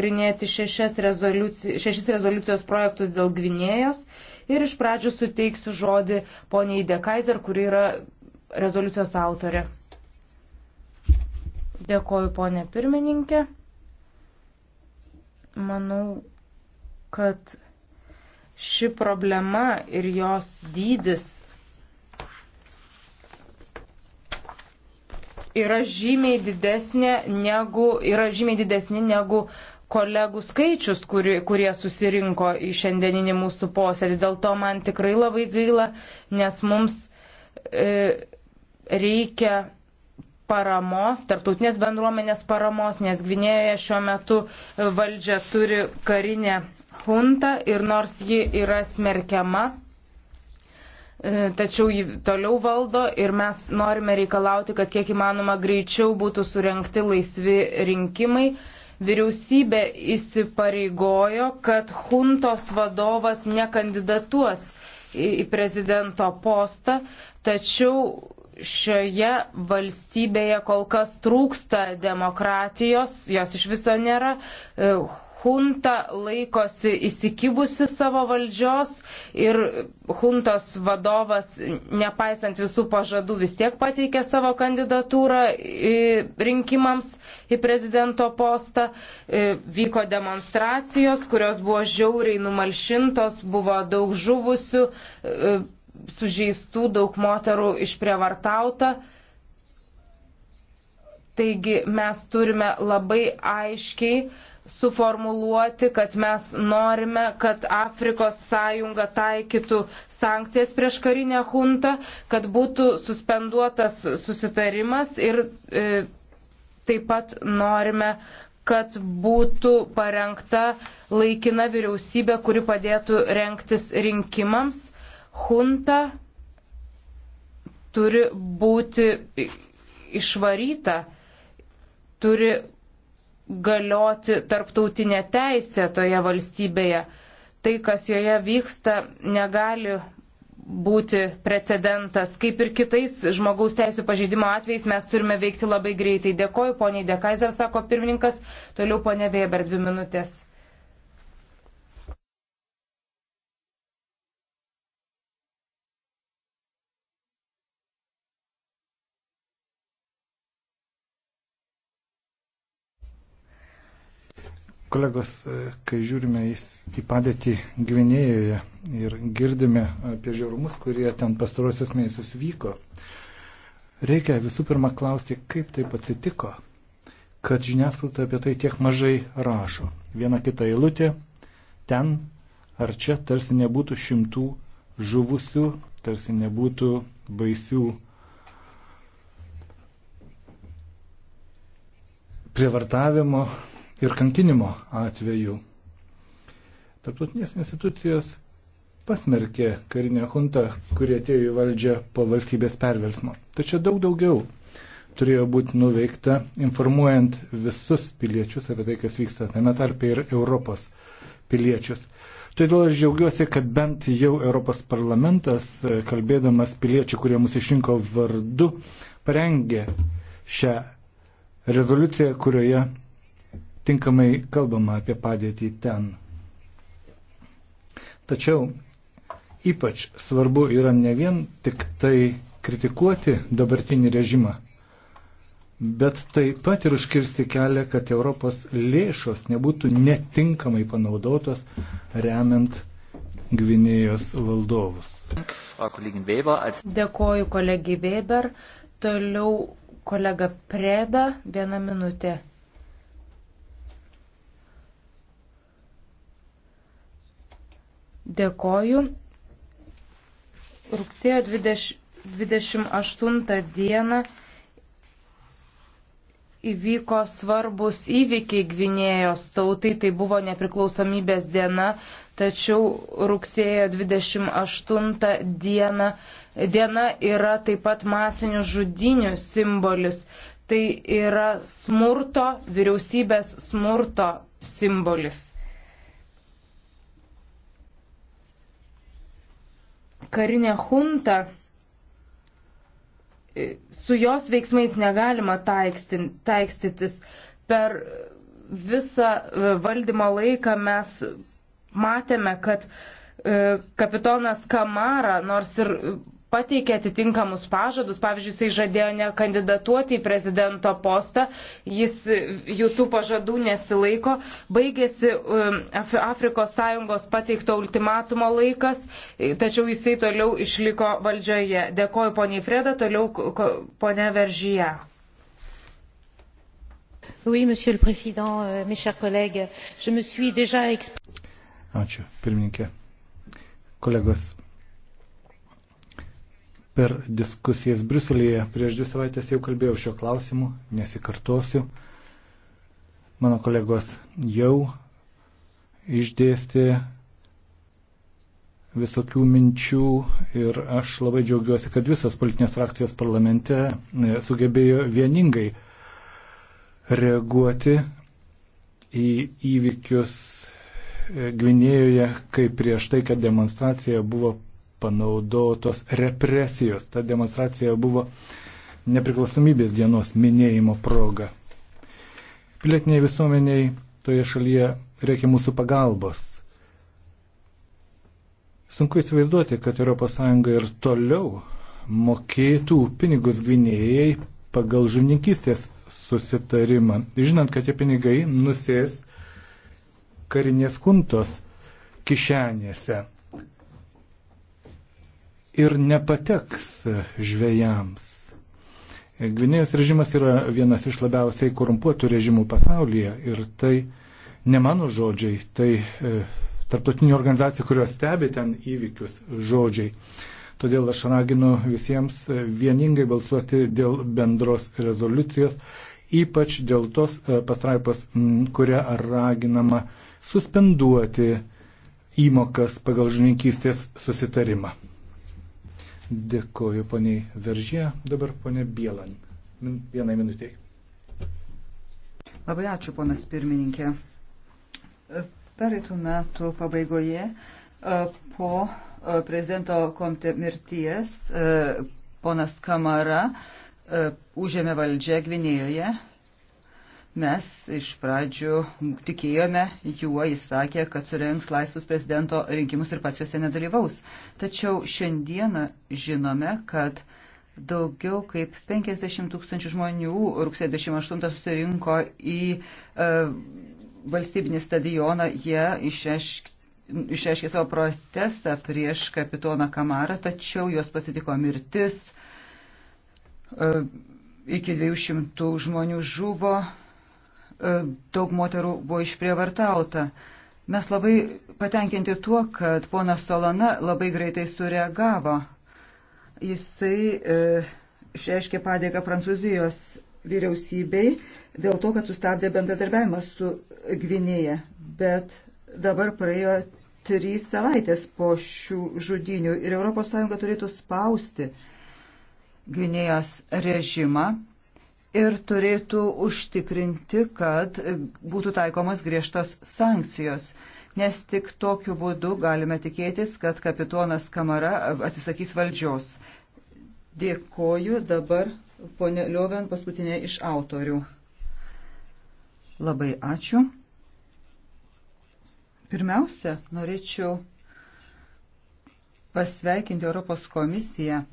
nagrinėti rezoliuci šešis rezoliucijos projektus dėl Gvinėjos ir iš pradžių suteiksiu žodį poniai Dekaiser, kuri yra rezoliucijos autorė. Dėkoju, ponė pirmininkė. Manau, kad ši problema ir jos dydis yra žymiai didesnė negu, yra žymiai didesni negu kolegų skaičius, kuri, kurie susirinko į šiandieninį mūsų posėdį. Dėl to man tikrai labai gaila, nes mums e, reikia paramos, tarptautinės bendruomenės paramos, nes Gvinėjoje šiuo metu e, valdžia turi karinę huntą ir nors ji yra smerkiama, e, tačiau jį toliau valdo ir mes norime reikalauti, kad kiek įmanoma greičiau būtų surenkti laisvi rinkimai Vyriausybė įsipareigojo, kad juntos vadovas nekandidatuos į prezidento postą, tačiau šioje valstybėje kol kas trūksta demokratijos, jos iš viso nėra. E, Hunta laikosi įsikibusi savo valdžios ir huntos vadovas, nepaisant visų pažadų, vis tiek pateikė savo kandidatūrą rinkimams į prezidento postą. E, vyko demonstracijos, kurios buvo žiauriai numalšintos, buvo daug žuvusių, e, sužeistų, daug moterų išprievartauta. Taigi mes turime labai aiškiai suformuluoti, kad mes norime, kad Afrikos sąjunga taikytų sankcijas prieš karinę huntą, kad būtų suspenduotas susitarimas ir e, taip pat norime, kad būtų parengta laikina vyriausybė, kuri padėtų renktis rinkimams. Hunta turi būti išvaryta, turi galioti tarptautinė teisė toje valstybėje. Tai, kas joje vyksta, negali būti precedentas. Kaip ir kitais žmogaus teisų pažeidimo atvejais mes turime veikti labai greitai. Dėkoju, poniai Dekaiser, sako pirmininkas. Toliau ponė Weber, dvi minutės. Kolegos, e, kai žiūrime į padėtį Gvinėjoje ir girdime apie žiaurumus, kurie ten pastarosius mėnesius vyko, reikia visų pirma klausti, kaip taip atsitiko, kad žiniasklaida apie tai tiek mažai rašo. Viena kita eilutė, ten ar čia tarsi nebūtų šimtų žuvusių, tarsi nebūtų baisių prievartavimo ir kankinimo atveju. Tarptautinės institucijos pasmerkė karinę huntą, kurie atėjo į valdžią po valstybės perversmo. Tačiau daug daugiau turėjo būti nuveikta informuojant visus piliečius apie tai, kas vyksta, tame tarpe ir Europos piliečius. Todėl aš džiaugiuosi, kad bent jau Europos parlamentas, kalbėdamas piliečių, kurie mus išrinko vardu, parengė šią rezoliuciją, kurioje tinkamai kalbama apie padėtį ten. Tačiau ypač svarbu yra ne vien tik tai kritikuoti dabartinį režimą, bet taip pat ir užkirsti kelią, kad Europos lėšos nebūtų netinkamai panaudotos remiant Gvinėjos valdovus. Dėkoju kolegijai Weber. Toliau kolega Preda, vieną minutę. Dėkoju. Rugsėjo 20, 28 dieną įvyko svarbus įvykiai Gvinėjos tautai, tai buvo nepriklausomybės diena, tačiau rugsėjo 28 diena, diena yra taip pat masinių žudinių simbolis, tai yra smurto, vyriausybės smurto simbolis. karinė junta, e, su jos veiksmais negalima taikstytis. Per visą e, valdymo laiką mes matėme, kad e, kapitonas Kamara, nors ir pateikė atitinkamus pažadus. Pavyzdžiui, jisai žadėjo nekandidatuoti į prezidento postą, jis jų tų pažadų nesilaiko. Baigėsi um, Afrikos Sąjungos pateikto ultimatumo laikas, tačiau jisai toliau išliko valdžioje. Dėkoju poniai Freda, toliau ponia Veržyje. Oui, monsieur le président, euh, mes chers collègues, je me suis déjà exprimé. Ačiū, pirmininkė. Kolegos, Per diskusijas Bruselėje prieš dvi savaitės jau kalbėjau šio klausimu, nesikartosiu. Mano kolegos jau išdėstė visokių minčių ir aš labai džiaugiuosi, kad visos politinės frakcijos parlamente e, sugebėjo vieningai reaguoti į įvykius e, Gvinėjoje, kai prieš tai, kad demonstracija buvo panaudotos represijos. Ta demonstracija buvo nepriklausomybės dienos minėjimo proga. Pilietiniai visuomeniai toje šalyje reikia mūsų pagalbos. Sunku įsivaizduoti, kad ES ir toliau mokėtų pinigus gvinėjai pagal žuvininkystės susitarimą, žinant, kad tie pinigai nusės karinės kuntos kišenėse ir nepateks žvėjams. Gvinėjos režimas yra vienas iš labiausiai korumpuotų režimų pasaulyje ir tai ne mano žodžiai, tai e, tarptautinių organizacijų, kurios stebi ten įvykius žodžiai. Todėl aš raginu visiems e, vieningai balsuoti dėl bendros rezoliucijos, ypač dėl tos e, pastraipos, kuria raginama suspenduoti įmokas pagal žininkystės susitarimą. Dėkoju poniai Veržė, dabar ponė Bielan. Vienai minutiai. Labai ačiū, ponas pirmininkė. Pereitų metų pabaigoje e, po e, prezidento komte mirties e, ponas Kamara užėmė valdžią Gvinėjoje Mes iš pradžių tikėjome juo, jis sakė, kad surenks laisvus prezidento rinkimus ir pats juose nedalyvaus. Tačiau šiandieną žinome, kad daugiau kaip 50 tūkstančių žmonių rugsėjo 28 susirinko į e, valstybinį stadioną, jie išreiškė išreiškė savo protestą prieš kapitoną Kamarą, tačiau juos pasitiko mirtis, e, iki 200 žmonių žuvo, E, daug moterų buvo išprievartauta. Mes labai patenkinti tuo, kad ponas Solana labai greitai sureagavo. Jisai e, išreiškė padėką Prancūzijos vyriausybei dėl to, kad sustabdė bendradarbiavimą su Gvinėje. Bet dabar praėjo trys savaitės po šių žudinių ir ES turėtų spausti Gvinėjos režimą ir turėtų užtikrinti, kad būtų taikomos griežtos sankcijos, nes tik tokiu būdu galime tikėtis, kad kapitonas Kamara atsisakys valdžios. Dėkoju dabar ponė Lioven, paskutinė iš autorių. Labai ačiū. Pirmiausia, norėčiau pasveikinti Europos komisiją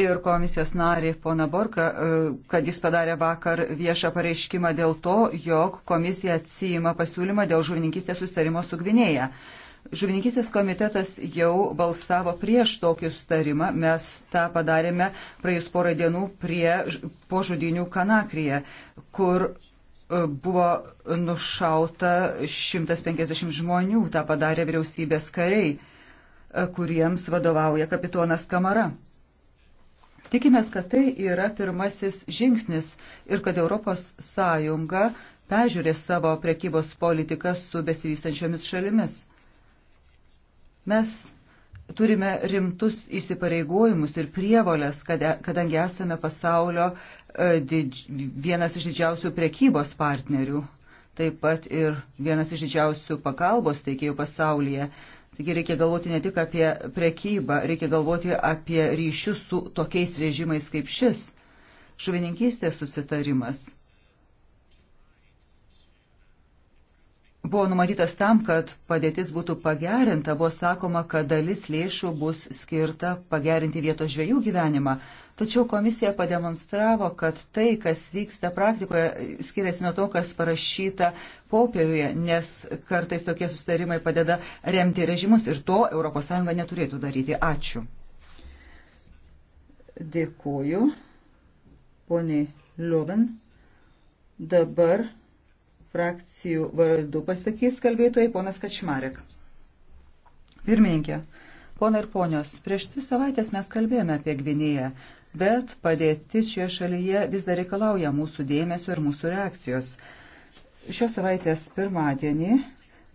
ir komisijos narį poną Borką, e, kad jis padarė vakar viešą pareiškimą dėl to, jog komisija atsijima pasiūlymą dėl žuvininkystės sustarimo su Gvinėja. Žuvininkystės komitetas jau balsavo prieš tokį sustarimą. Mes tą padarėme praėjus porą dienų prie požudinių Kanakryje, kur e, buvo nušauta 150 žmonių. Ta padarė vyriausybės kariai, e, kuriems vadovauja kapitonas Kamara. Tikimės, kad tai yra pirmasis žingsnis ir kad ES peržiūrės savo prekybos politiką su besivystančiomis šalimis. Mes turime rimtus įsipareigojimus ir prievolės, e, kadangi esame pasaulio e, didž... vienas iš didžiausių prekybos partnerių, taip pat ir vienas iš didžiausių pagalbos teikėjų pasaulyje. Taigi reikia galvoti ne tik apie prekybą, reikia galvoti apie ryšius su tokiais režimais kaip šis. Žuvininkystės susitarimas buvo numatytas tam, kad padėtis būtų pagerinta, buvo sakoma, kad dalis lėšų bus skirta pagerinti vietos žvėjų gyvenimą. Tačiau komisija pademonstravo, kad tai, kas vyksta praktikoje, skiriasi nuo to, kas parašyta popieriuje, nes kartais tokie sustarimai padeda remti režimus ir to ES neturėtų daryti. Ačiū. Dėkuoju, poniai Liuven. Dabar frakcijų vardu pasakys kalbėtojai ponas Kačmarek. Pirmininkė, ponai ir ponios, prieš tris savaitės mes kalbėjome apie Gvinėją bet padėtis šioje šalyje vis dar reikalauja mūsų dėmesio ir mūsų reakcijos. Šios savaitės pirmadienį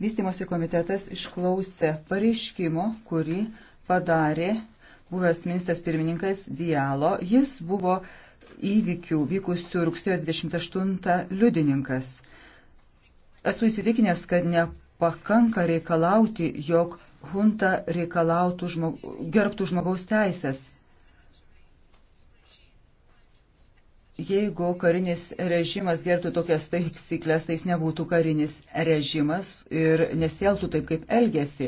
vystimosi komitetas išklausė pareiškimo, kurį padarė buvęs ministras pirmininkas Dialo. Jis buvo įvykių vykusių rugsėjo 28 liudininkas. Esu įsitikinęs, kad nepakanka reikalauti, jog hunta reikalautų žmog... gerbtų žmogaus teisės Jeigu karinis režimas gertų tokias taisyklės, tai jis nebūtų karinis režimas ir nesieltų taip, kaip elgesi.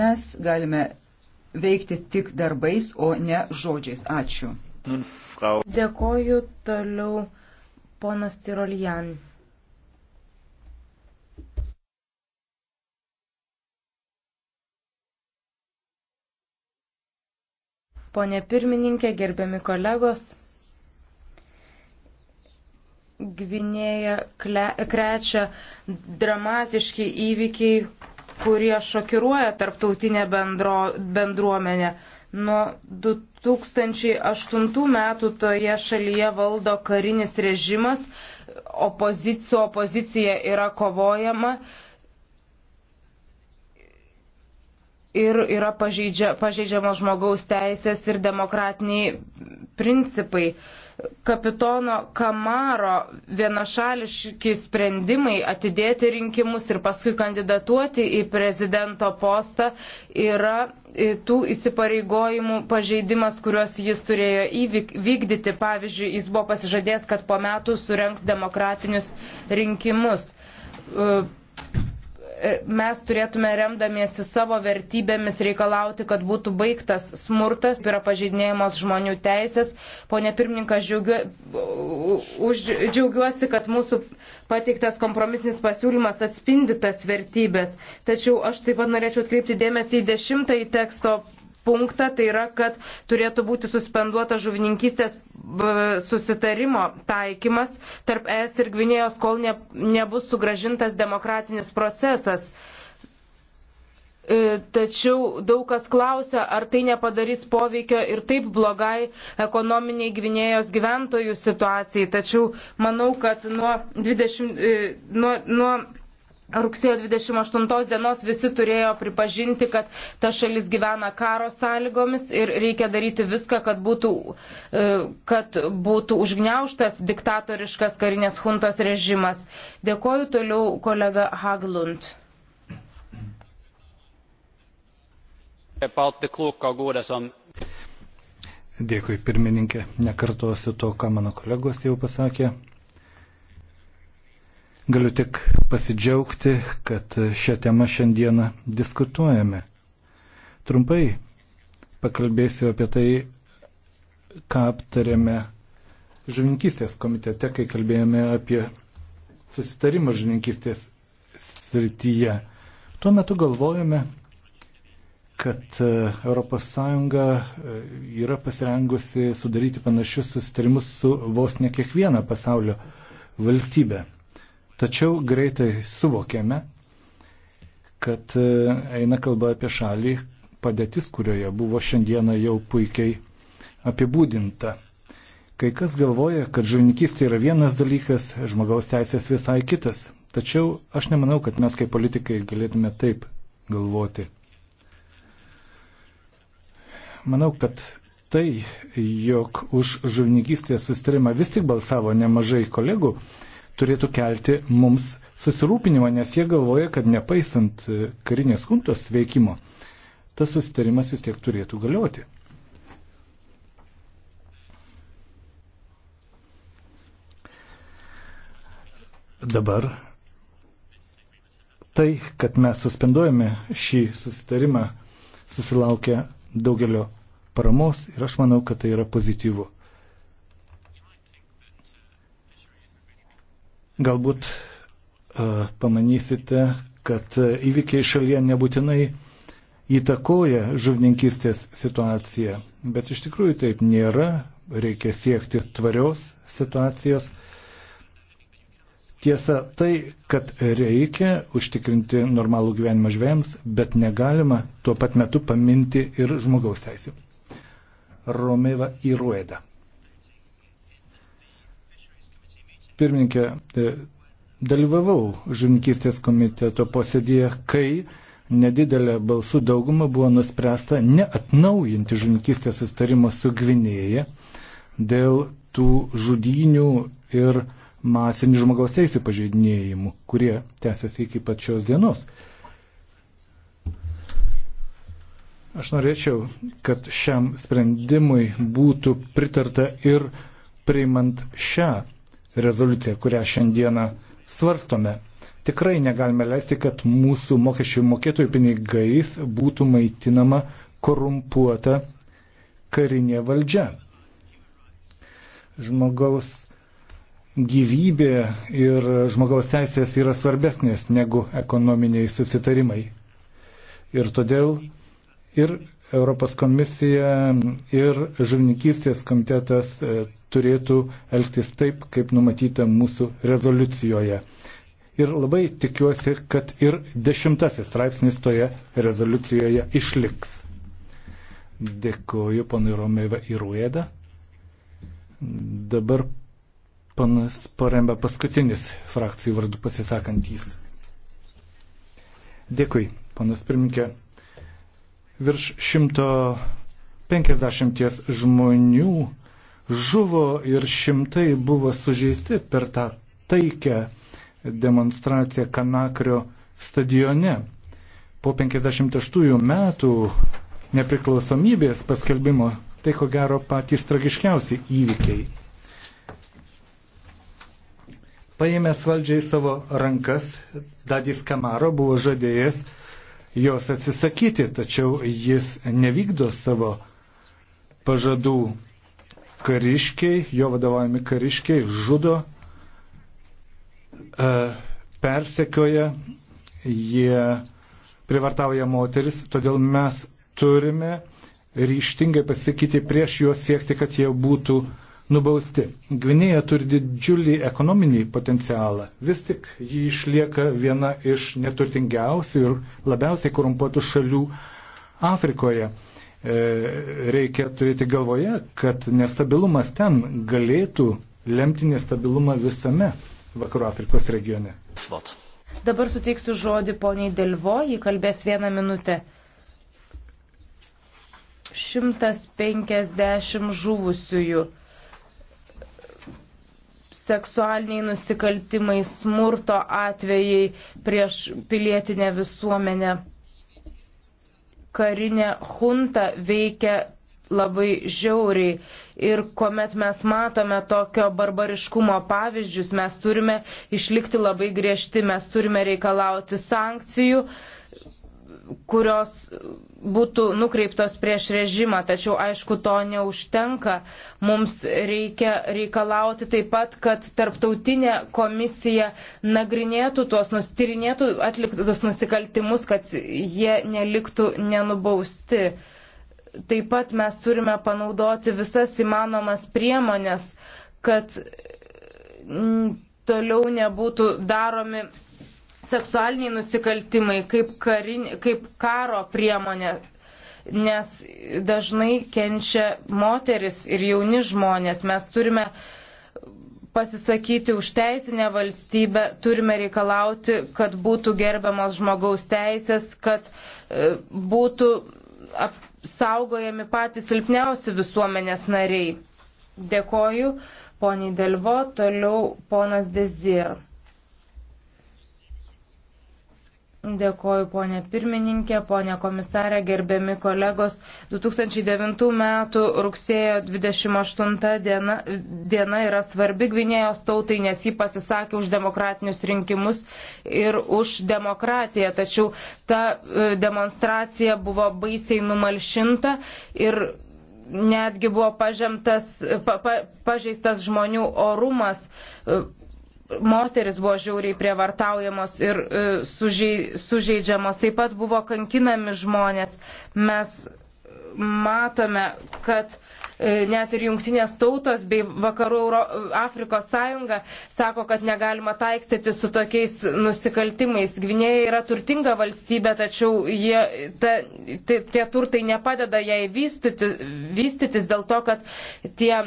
Mes galime veikti tik darbais, o ne žodžiais. Ačiū. Dėkoju toliau, ponas Tirolijan. Pone pirmininkė, gerbiami kolegos. Gvinėją krečia dramatiški įvykiai, kurie šokiruoja tarptautinę bendro, bendruomenę. Nuo 2008 metų toje šalyje valdo karinis režimas, opozicija, opozicija yra kovojama ir yra pažeidžia, pažeidžiamos žmogaus teisės ir demokratiniai principai. Uh, kapitono Kamaro vienašališki sprendimai atidėti rinkimus ir paskui kandidatuoti į prezidento postą yra e, tų įsipareigojimų pažeidimas, kuriuos jis turėjo įvykdyti. Pavyzdžiui, jis buvo pasižadėjęs, kad po metų surenks demokratinius rinkimus. E, E, mes turėtume remdamiesi savo vertybėmis reikalauti, kad būtų baigtas smurtas, yra pažeidinėjamos žmonių teisės. Pone pirmininkas, džiaugiuosi, kad mūsų pateiktas kompromisinis pasiūlymas atspindi tas vertybės. Tačiau aš taip pat norėčiau atkreipti dėmesį į dešimtąjį teksto punktą, tai yra, kad turėtų būti suspenduota žuvininkystės susitarimo taikymas tarp ES ir Gvinėjos, kol ne, nebus sugražintas demokratinis procesas. E, tačiau daug kas klausia, ar tai nepadarys poveikio ir taip blogai ekonominiai Gvinėjos gyventojų situacijai. Tačiau manau, kad nuo 20. E, nuo, nuo rugsėjo 28 dienos visi turėjo pripažinti, kad ta šalis gyvena karo sąlygomis ir reikia daryti viską, kad būtų, e, kad būtų užgneuštas diktatoriškas karinės huntos režimas. Dėkoju toliau kolega Haglund. Dėkui pirmininkė, nekartosiu to, ką mano kolegos jau pasakė. Galiu tik pasidžiaugti, kad šią temą šiandieną diskutuojame. Trumpai pakalbėsiu apie tai, ką aptarėme žuvininkystės komitete, kai kalbėjome apie susitarimą žuvininkystės srityje. Tuo metu galvojame, kad ES e, yra pasirengusi sudaryti panašius susitarimus su vos ne kiekviena pasaulio valstybė. Tačiau greitai suvokėme, kad e, eina kalba apie šalį padėtis, kurioje buvo šiandieną jau puikiai apibūdinta. Kai kas galvoja, kad žuvininkystė yra vienas dalykas, žmogaus teisės visai kitas. Tačiau aš nemanau, kad mes kaip politikai galėtume taip galvoti. Manau, kad tai, jog už žuvininkystės sustarimą vis tik balsavo nemažai kolegų, turėtų kelti mums susirūpinimą, nes jie galvoja, kad nepaisant e, karinės kuntos veikimo, tas susitarimas vis tiek turėtų galioti. Dabar tai, kad mes suspenduojame šį susitarimą, susilaukia daugelio paramos ir aš manau, kad tai yra pozityvu. Galbūt e, pamanysite, kad įvykiai šalyje nebūtinai įtakoja žuvininkystės situaciją, bet iš tikrųjų taip nėra, reikia siekti tvarios situacijos. Tiesa tai, kad reikia užtikrinti normalų gyvenimą žvėjams, bet negalima tuo pat metu paminti ir žmogaus teisų. Romeva įrueda. Pirmininkė, e, dalyvavau žuvininkystės komiteto posėdėje, kai nedidelė balsų dauguma buvo nuspręsta neatnaujinti žuvininkystės sustarimo su Gvinėje dėl tų žudynių ir masinių žmogaus teisų pažeidinėjimų, kurie tęsiasi iki pačios dienos. Aš norėčiau, kad šiam sprendimui būtų pritarta ir priimant šią rezoliuciją, kurią šiandieną svarstome. Tikrai negalime leisti, kad mūsų mokesčių mokėtojų pinigais būtų maitinama korumpuota karinė valdžia. Žmogaus gyvybė ir žmogaus teisės yra svarbesnės negu ekonominiai susitarimai. Ir todėl ir Europos komisija ir žuvininkystės komitetas e, turėtų elgtis taip, kaip numatyta mūsų rezoliucijoje. Ir labai tikiuosi, kad ir dešimtasis straipsnis toje rezoliucijoje išliks. Dėkoju panui Romėva Iruėda. Dabar panas paremba paskutinis frakcijų vardu pasisakantys. Dėkui, panas pirminkė virš 150 žmonių žuvo ir šimtai buvo sužeisti per tą taikę demonstraciją Kanakrio stadione. Po 58 metų nepriklausomybės paskelbimo tai ko gero patys tragiškiausi įvykiai. Paėmęs valdžiai savo rankas, Dadis Kamaro buvo žadėjęs jos atsisakyti, tačiau jis nevykdo savo pažadų. Kariškiai, jo vadovaujami kariškiai žudo, e, persekioja, jie privartauja moteris, todėl mes turime ryštingai pasakyti prieš juos siekti, kad jie būtų uh, nubausti. Gvinėja turi didžiulį ekonominį potencialą, vis tik ji išlieka viena iš neturtingiausių ir labiausiai korumpuotų šalių Afrikoje. E, reikia turėti galvoje, kad nestabilumas ten galėtų lemti nestabilumą visame Vakarų Afrikos regione. Svot. Dabar suteiksiu žodį poniai Delvo, ji kalbės vieną minutę. 150 žuvusiųjų seksualiniai nusikaltimai, smurto atvejai prieš pilietinę visuomenę. Karinė junta veikia labai žiauriai. Ir kuomet mes matome tokio barbariškumo pavyzdžius, mes turime išlikti labai griežti, mes turime reikalauti sankcijų, kurios būtų nukreiptos prieš režimą, tačiau aišku, to neužtenka. Mums reikia reikalauti taip pat, kad tarptautinė komisija nagrinėtų tuos, tyrinėtų atliktus nusikaltimus, kad jie neliktų nenubausti. Taip pat mes turime panaudoti visas įmanomas priemonės, kad toliau nebūtų daromi seksualiniai nusikaltimai, kaip, karin, kaip karo priemonė, nes dažnai kenčia moteris ir jauni žmonės. Mes turime pasisakyti už teisinę valstybę, turime reikalauti, kad būtų gerbiamos žmogaus teisės, kad e, būtų saugojami patys silpniausi visuomenės nariai. Dėkoju, poniai Delvo, toliau ponas Dezir. Dėkoju, ponė pirmininkė, ponė komisarė, gerbiami kolegos. 2009 m. rugsėjo 28 diena, diena yra svarbi Gvinėjos tautai, nes jį pasisakė už demokratinius rinkimus ir už demokratiją. Tačiau ta e, demonstracija buvo baisiai numalšinta ir netgi buvo pažemtas, pa, pa, pažeistas žmonių orumas. E, moteris buvo žiauriai prievartaujamos ir e, sužei, sužeidžiamos, taip pat buvo kankinami žmonės. Mes matome, kad E, net ir jungtinės tautos bei vakarų Euro Afrikos sąjunga sako, kad negalima taikstyti su tokiais nusikaltimais. Gvinėja yra turtinga valstybė, tačiau jie, ta, tie, tie turtai nepadeda jai vystyti, vystytis dėl to, kad tie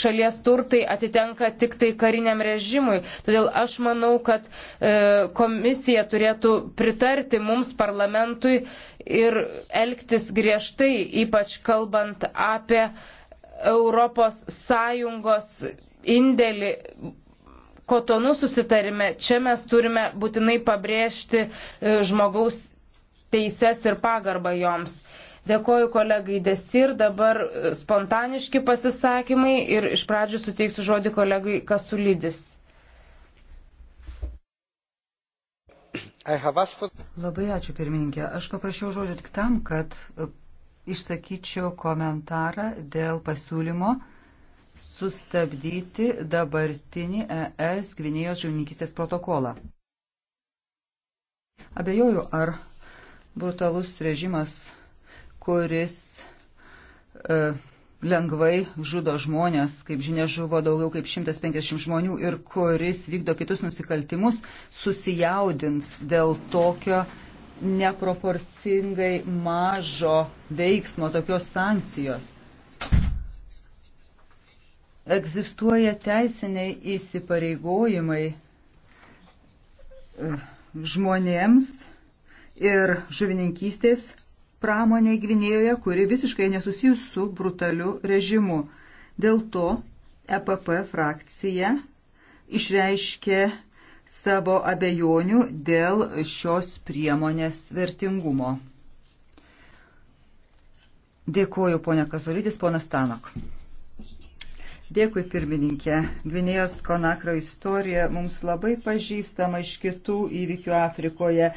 šalies turtai atitenka tik tai kariniam režimui. Todėl aš manau, kad e, komisija turėtų pritarti mums parlamentui ir elgtis griežtai, ypač kalbant apie uh, ES indėlį kotonų susitarime. Čia mes turime būtinai pabrėžti e, žmogaus teises ir pagarbą joms. Dėkoju kolegai Desir, dabar e, spontaniški pasisakymai ir iš pradžių suteiksiu žodį kolegai Kasulydis. For... Labai ačiū pirmininkė. Aš paprašiau žodžio tik tam, kad e, išsakyčiau komentarą dėl pasiūlymo sustabdyti dabartinį ES Gvinėjos žuvininkystės protokolą. Abejoju, ar brutalus režimas, kuris e, lengvai žudo žmonės, kaip žinia, žuvo daugiau kaip 150 žmonių ir kuris vykdo kitus nusikaltimus, susijaudins dėl tokio neproporcingai mažo veiksmo, tokios sankcijos. Egzistuoja teisiniai įsipareigojimai e, žmonėms ir žuvininkystės pramonė Gvinėjoje, kuri visiškai nesusijus su brutaliu režimu. Dėl to EPP frakcija išreiškė savo abejonių dėl šios priemonės vertingumo. Dėkuoju, ponia Kazolydis, ponas Tanok. Dėkui, pirmininkė. Gvinėjos Konakro istorija mums labai pažįstama iš kitų įvykių Afrikoje.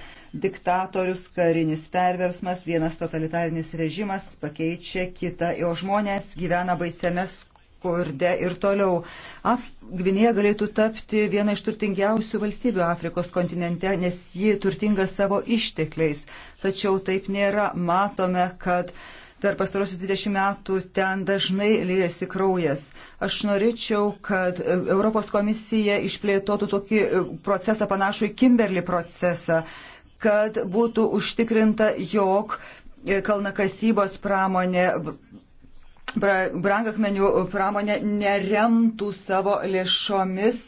Diktatorius, karinis perversmas, vienas totalitarinis režimas pakeičia kitą, o žmonės gyvena baisiame skurde skurde ir toliau. Af Gvinėja galėtų tapti viena iš turtingiausių valstybių Afrikos kontinente, nes ji turtinga savo ištekliais. Tačiau taip nėra. Matome, kad per pastarosius 20 metų ten dažnai liejasi kraujas. Aš norėčiau, kad Europos komisija išplėtotų tokį e, procesą panašų į Kimberly procesą, kad būtų užtikrinta, jog e, kalnakasybos pramonė brangakmenių pramonė neremtų savo lėšomis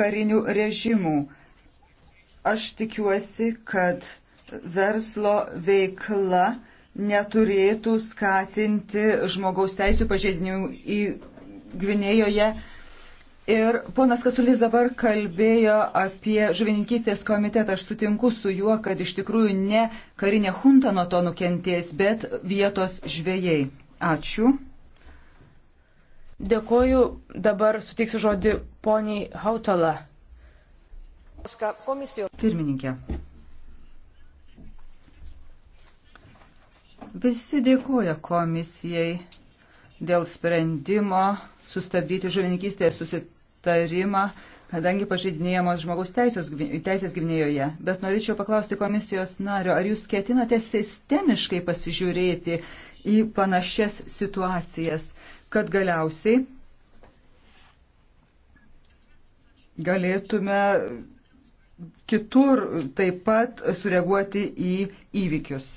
karinių režimų. Aš tikiuosi, kad verslo veikla neturėtų skatinti žmogaus teisų pažeidinių į Gvinėjoje. Ir ponas Kasulis dabar kalbėjo apie žuvininkystės komitetą. Aš sutinku su juo, kad iš tikrųjų ne karinė hunta nuo to nukentės, bet vietos žvėjai. Ačiū. Dėkoju, dabar suteiksiu žodį poniai Hautala. Pirmininkė. Visi dėkoja komisijai dėl sprendimo sustabdyti žuvininkystės susitarimą, kadangi pažeidinėjamos žmogaus teisės, teisės Gvinėjoje. Bet norėčiau paklausti komisijos nario, ar jūs ketinate sistemiškai pasižiūrėti į panašias situacijas? kad galiausiai galėtume kitur taip pat sureaguoti į įvykius.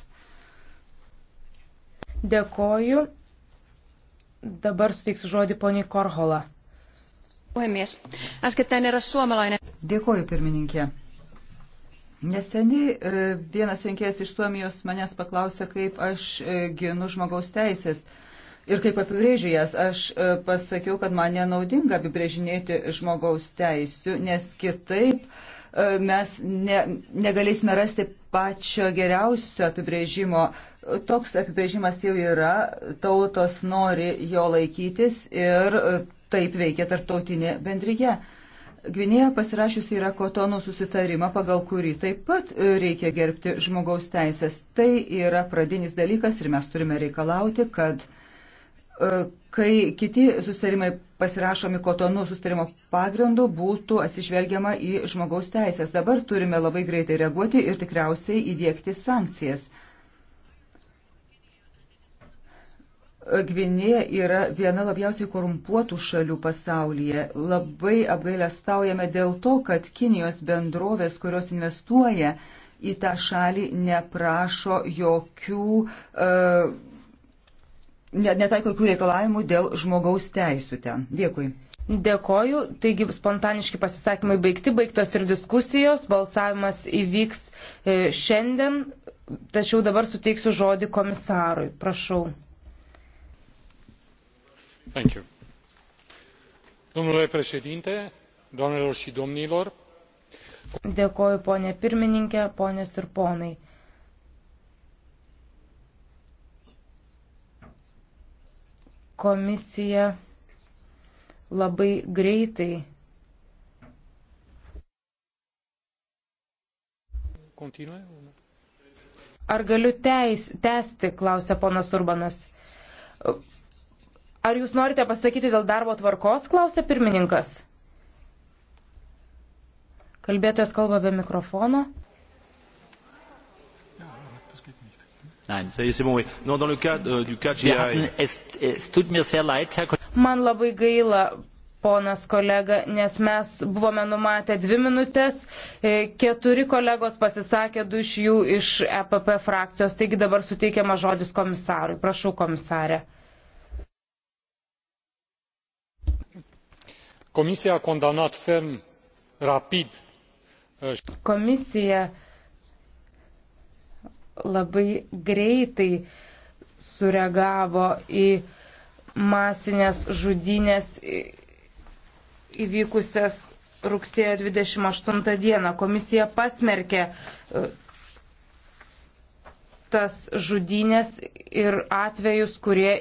Dėkoju. Dabar suteiksiu žodį poniai Korhola. Puhemies, äskettäin eräs suomalainen. Dėkoju, pirmininkė. Neseniai e, vienas rinkėjas iš Suomijos manęs paklausė, kaip aš e, ginu žmogaus teisės ir kaip apibrėžiu jas. Aš e, pasakiau, kad man nenaudinga apibrėžinėti žmogaus teisų, nes kitaip e, mes ne, negalėsime rasti pačio geriausio apibrėžimo. Toks apibrėžimas jau yra, tautos nori jo laikytis ir e, taip veikia tarptautinė bendryje. Gvinėja pasirašiusi yra kotonų susitarimą, pagal kurį taip pat reikia gerbti žmogaus teisės. Tai yra pradinis dalykas ir mes turime reikalauti, kad uh, kai kiti sustarimai pasirašomi kotonų sustarimo pagrindu, būtų atsižvelgiama į žmogaus teisės. Dabar turime labai greitai reaguoti ir tikriausiai įdėkti sankcijas. Gvinėja yra viena labiausiai korumpuotų šalių pasaulyje. Labai apgailestaujame dėl to, kad Kinijos bendrovės, kurios investuoja į tą šalį, neprašo jokių uh, netaiko jokių reikalavimų dėl žmogaus teisų ten. Dėkui. Dėkoju. Taigi spontaniški pasisakymai baigti, baigtos ir diskusijos. Balsavimas įvyks e, šiandien, tačiau dabar suteiksiu žodį komisarui. Prašau. Thank you. Domnule președinte, doamnelor și domnilor. Dėkoju, ponė pirmininkė, ponės ir ponai. komisija labai greitai Ar galiu teis, tęsti, klausia ponas Urbanas. Ar jūs norite pasakyti dėl darbo tvarkos, klausia pirmininkas. Kalbėtojas kalba be mikrofono. Nein. Euh, Man labai gaila, ponas kolega, nes mes buvome numatę dvi minutės, e, keturi kolegos pasisakė, du iš jų iš EPP frakcijos, taigi dabar suteikiama žodis komisarui. Prašau, komisarė. Komisija a condamnat ferm, rapid. Komisija labai greitai sureagavo į masinės žudynės įvykusias rugsėjo 28 dieną. Komisija pasmerkė e, tas žudynės ir atvejus, kurie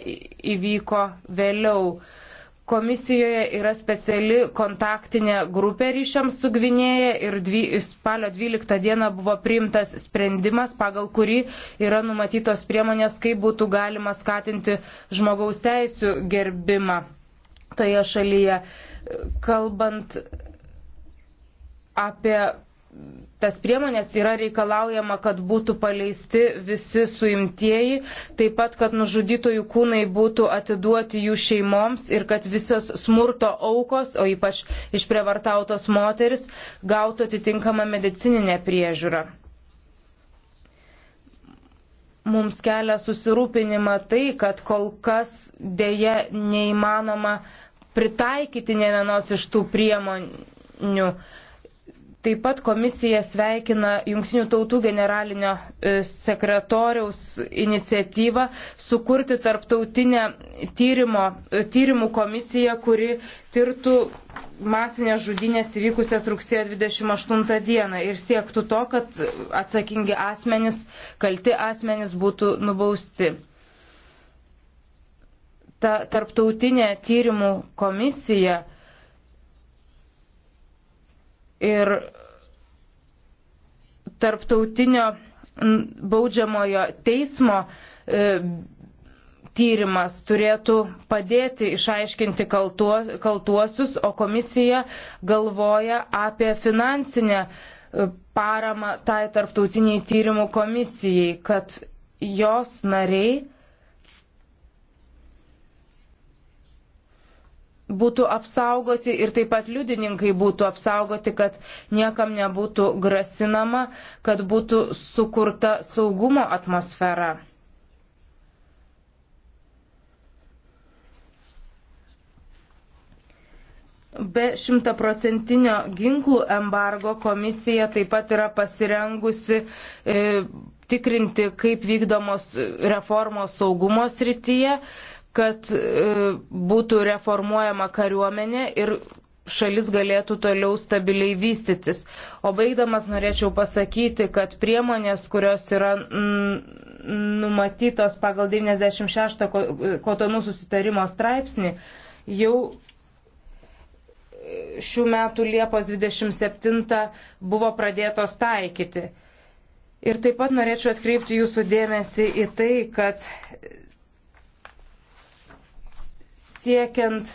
įvyko vėliau. Komisijoje yra speciali kontaktinė grupė ryšiams su Gvinėje ir dvi, spalio 12 dieną buvo priimtas sprendimas, pagal kurį yra numatytos priemonės, kaip būtų galima skatinti žmogaus teisų gerbimą toje šalyje. Kalbant apie tas priemonės yra reikalaujama, kad būtų paleisti visi suimtieji, taip pat, kad nužudytojų kūnai būtų atiduoti jų šeimoms ir kad visos smurto aukos, o ypač išprievartautos moteris, gautų atitinkamą medicininę priežiūrą. Mums kelia susirūpinimą tai, kad kol kas dėje neįmanoma pritaikyti ne vienos iš tų priemonių. Taip pat komisija sveikina Junktinių tautų generalinio e, sekretoriaus iniciatyvą sukurti tarptautinę tyrimo, e, tyrimų komisiją, kuri tirtų masinės žudynės įvykusias rugsėjo 28 dieną ir siektų to, kad atsakingi asmenys, kalti asmenys būtų nubausti. Ta tarptautinė tyrimų komisija ir tarptautinio baudžiamojo teismo e, tyrimas turėtų padėti išaiškinti kaltuo, kaltuosius, o komisija galvoja apie finansinę e, paramą tai tarptautiniai tyrimų komisijai, kad jos nariai būtų apsaugoti ir taip pat liudininkai būtų apsaugoti, kad niekam nebūtų grasinama, kad būtų sukurta saugumo atmosfera. Be šimtaprocentinio ginklų embargo komisija taip pat yra pasirengusi e, tikrinti, kaip vykdomos reformos saugumo srityje. E, kad e, būtų reformuojama kariuomenė ir šalis galėtų toliau stabiliai vystytis. O baigdamas norėčiau pasakyti, kad priemonės, kurios yra numatytos pagal 96 kotonų susitarimo straipsnį, jau šių metų Liepos 27 buvo pradėtos taikyti. Ir taip pat norėčiau atkreipti jūsų dėmesį į tai, kad siekiant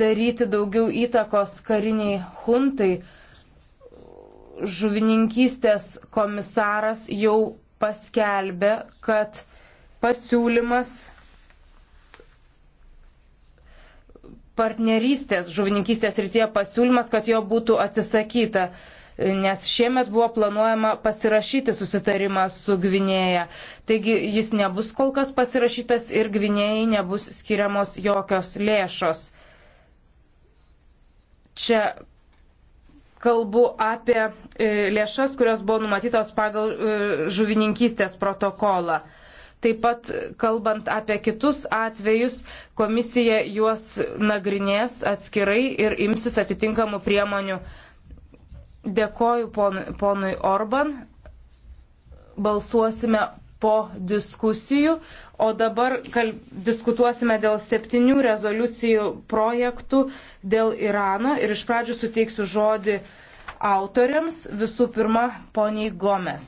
daryti daugiau įtakos kariniai huntai, žuvininkystės komisaras jau paskelbė, kad pasiūlymas partnerystės žuvininkystės rytyje pasiūlymas, kad jo būtų atsisakyta nes šiemet buvo planuojama pasirašyti susitarimą su Gvinėja. Taigi jis nebus kol kas pasirašytas ir Gvinėjai nebus skiriamos jokios lėšos. Čia kalbu apie e, lėšas, kurios buvo numatytos pagal e, žuvininkystės protokolą. Taip pat, kalbant apie kitus atvejus, komisija juos nagrinės atskirai ir imsis atitinkamų priemonių Dėkoju ponui, ponui Orban. Balsuosime po diskusijų, o dabar kal... diskutuosime dėl septynių rezoliucijų projektų dėl Irano ir iš pradžių suteiksiu žodį autoriams, visų pirma, poniai Gomes.